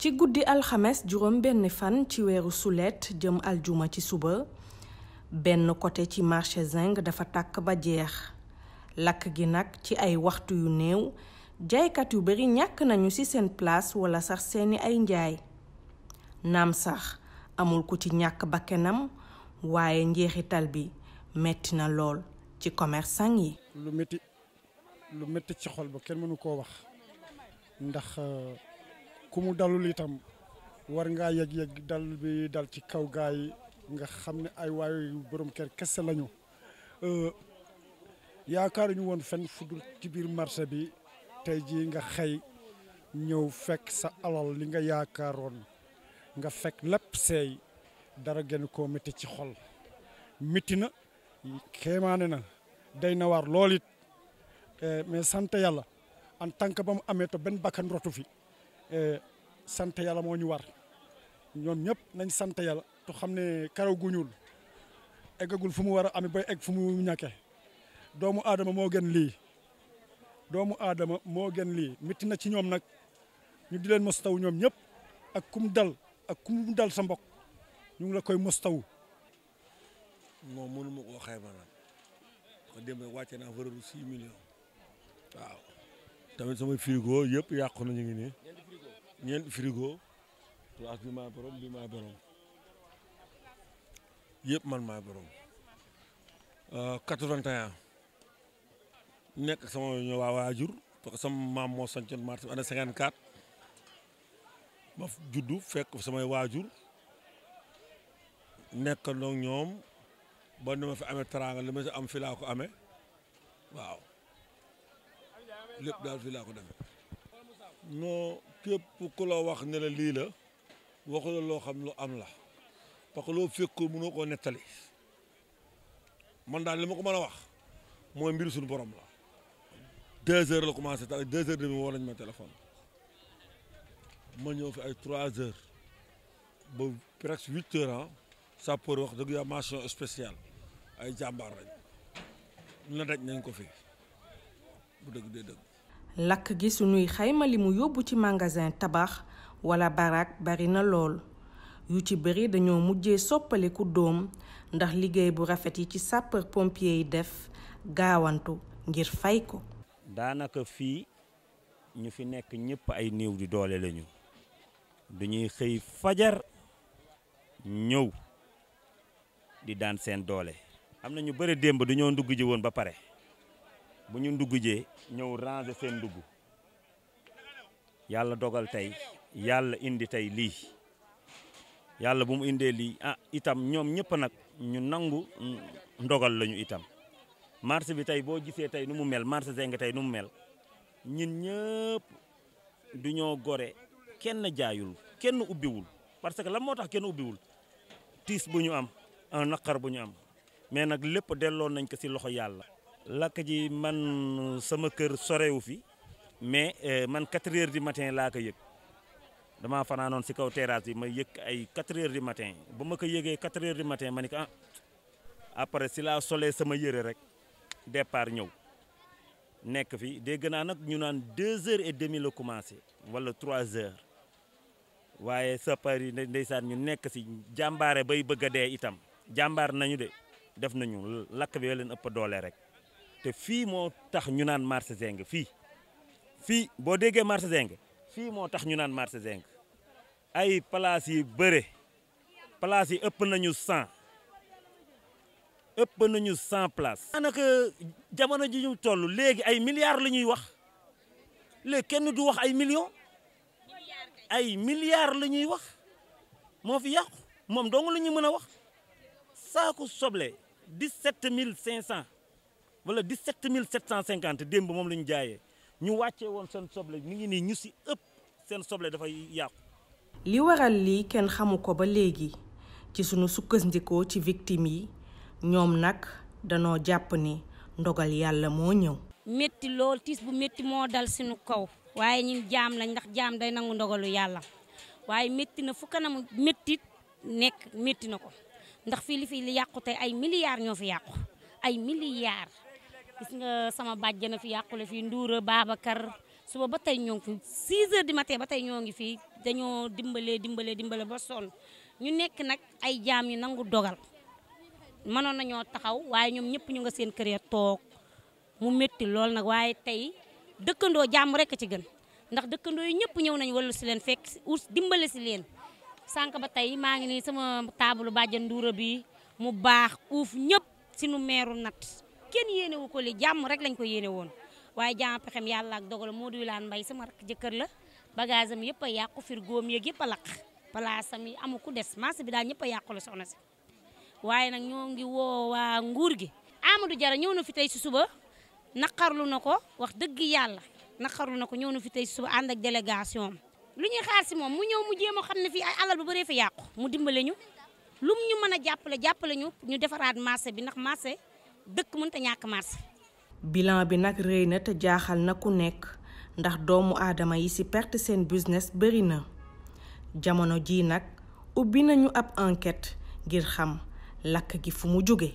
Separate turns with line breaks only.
ci guddi alxames juróom benn fan ci weeru sulet jëm aljuma ci suba benn côté ci marché Zinc dafa tàkk ba jeex lakk gi nag ci ay waxtu yu néew jaaykat yu bari ñàkk nañu ci seen place wala sax seeni ay njaay naam sax amul ku ci ñàkk bakkenam waaye njeexital bi metti na lool ci commerçant yi
lu métti lu métti ci xol ba kenn mënu koo wax ndax euh, kumu dalulitam, dalul itam war nga yeg yeg dal bi dal ci kaw gaay nga xamne ne ay waaye borom ker kese lañu euh, yaakaaruñu woon fenn fu ci bir marché bi tay ji nga xey ñew fekk sa alal li nga yaakaaroon nga fekk lepp sey dara gën ko metti ci xol métti na na day na war lolit euh mais sante yalla en tant que bam amé to ben bakkan rotu fi Euh, sant yàlla moo ñu war ñoom ñëpp nañ sant yàlla too xam ne karaw gu ñuul eggagul fu mu war a amee bay egg fu mu ñakke doomu aadama moo gën lii doomu aadama moo gën lii métti na ci ñoom nag ñu di leen mostaw ñoom ñëpp ak kum dal ak kum dal sa mbokk ñu ngi la koy mostaw.
moom mënu ma koo xayma nag ko démb wàcce naa valeur bu 6 millions. waaw tamit sama frigo yëpp yàqu ñu ngi nii. ñeent frigo place bi maa borom bi maa borom yëpp man maa borom 81 euh, nekk sama waa waajur parce que sama maam moo sancoon marché bi année 54 ma juddu fekk samay waajur nekkandoo ñoom ba ni ma fi amee teraanga li ma si am fi laa ko amee waaw lépp daal fi ko defee képp ku la wax ne la lii la waxu la loo xam lu am la parce que loo fekkul mënoo koo nettali man daal li ma ko mën a wax mooy mbiru suñu borom la deux heures la commencé taal deux heures demi woo nañ ma téléphone ma ñëw fi ay trois heures ba presque huit heures ah sapeur wax dëgg yàlla mention spéciale ay jàmbaar lañ la daj nañ ko fi bu dëgg dee dëgg
lakk gi suñuy xayma limu yóbbu ci magasin tabax walla baraak bari na lool yu ci bëri dañoo mujjee soppaliku doom ndax liggéey bu rafet yi ci sapeur pompier yi def gaawantu ngir fay ko.
daanaka fii ñu fi nekk ñëpp ay néew di doole lañu duñuy xëy fajar ñëw di daan seen doole. am na ñu bëri démb dañoo ndugg ji woon ba pare. bu ñu ndugg jee ñëw ranger seen ndugg yàlla dogal tay, yalla indi tay li yàlla bu mu indee lii ah itam nyom ñëpp nag ñu nangu ndogal lañu itam marché bi tay boo gisee tay nu mu mel marché Zeng tay nu mu mel Nyep ñëpp du ñoo gore kenn jaayul kenn ubbiwul parce que lan moo tax kenn ubbiwul tiis bu ñu am un nakar bu ñu am mais nag lépp delo nañ ko si loxo lakk ji man sama kër sorewu fi mais eh, man 4 heures du matin laa ko yëg damaa fanaanoon si kaw terrasse bi ma yëg ay 4 heures du matin ba ma ko yëgee 4 heures du matin ma ni ko ah après si laa solee sama yëre rek départ ñëw nekk fi dégg naa nag ñu naan deux heures et demi la commencé wala trois heures waaye sapeur yi ndeysaan ñu nekk si jàmbaare bay bëgg a dee itam jàmbaar nañu de def nañu lakk bi leen ëpp doole rek. te fii moo tax ñu naan marché Zinc fii fii boo déggee marché Zinc fii moo tax ñu naan marché Zinc ay place yi bëre place yi ëpp nañu cent ëpp nañu cent place daanaka jamono ji ñu toll léegi ay milliards la ñuy wax léegi kenn du wax ay millions ay milliards la ñuy wax moo fi yàqu moom dong la ñuy mën a wax saaku soble dix-sept mille cinq cent wala 17 750 démb moom la ñu jaayee ñu wàccee woon seen soble mi ngi nii ñu si ëpp seen soble dafay yàqu.
li waral lii kenn xamu ko ba léegi ci sunu sukkandikoo ci victim yi ñoom nag danoo jàpp ni ndogal yàlla moo ñëw.
métti lool tiis bu métti moo dal suñu kaw waaye ñun jaam lañ ndax jaam day nangu ndogalu yàlla waaye métti na fu kanamu méttit nekk métti na ko ndax fii li fi li yàqu tey ay milliards ñoo fi yàqu ay milliards. gis nga sama bàjjana fi yàqule fii baaba Babacar suba ba tey ñoo ngi fi 6 heures du matin ba tey ñoo ngi fii dañoo dimbalee dimbalee dimbale ba sonn ñu nekk nag ay jaam yu nangu dogal mënoon nañoo taxaw waaye ñoom ñëpp ñu nga seen kër toog mu métti lool nag waaye tey dëkkandoo jàmm rek ci gën ndax dëkkandoo yi ñëpp ñëw nañu wallu si leen fekk us dimbale si leen sànq ba tey maa ngi nii sama taabalu bàjjan nduura bi mu baax uuf ñëpp si nu meeru nat kenn yéene wu ko li jàmm rek lañ ko yéene woon waaye jàmm pexem yàlla ak dogal moo duy laan mbay sama rakk jëkkër la bagage am yëpp a yàqu firgoom yeeg yëpp a lakk place am yi amu ku des marché bi daal ñëpp a yàqu la soxna si waaye nag ñoo ngi woo waa nguur gi Amadou Diarra ñëw na fi tey si suba naqarlu na ko wax dëgg yàlla naqarlu na ko ñëw na fi tey si suba ànd ak lu ñu xaar si moom mu ñëw mu jéem a xam ne fii ay alal bu bëree fa yàqu mu dimbale ñu lum ñu mën a jàppale jàppale ñu ñu defaraat marché bi ndax marché dëkk mënta ñàkk marché.
bilan bi nag rëy na te jaaxal na ku nekk ndax doomu aadama yi ci perte seen business bëri na jamono ji nag ubbi nañu ab enquête ngir xam lakk gi fu mu jóge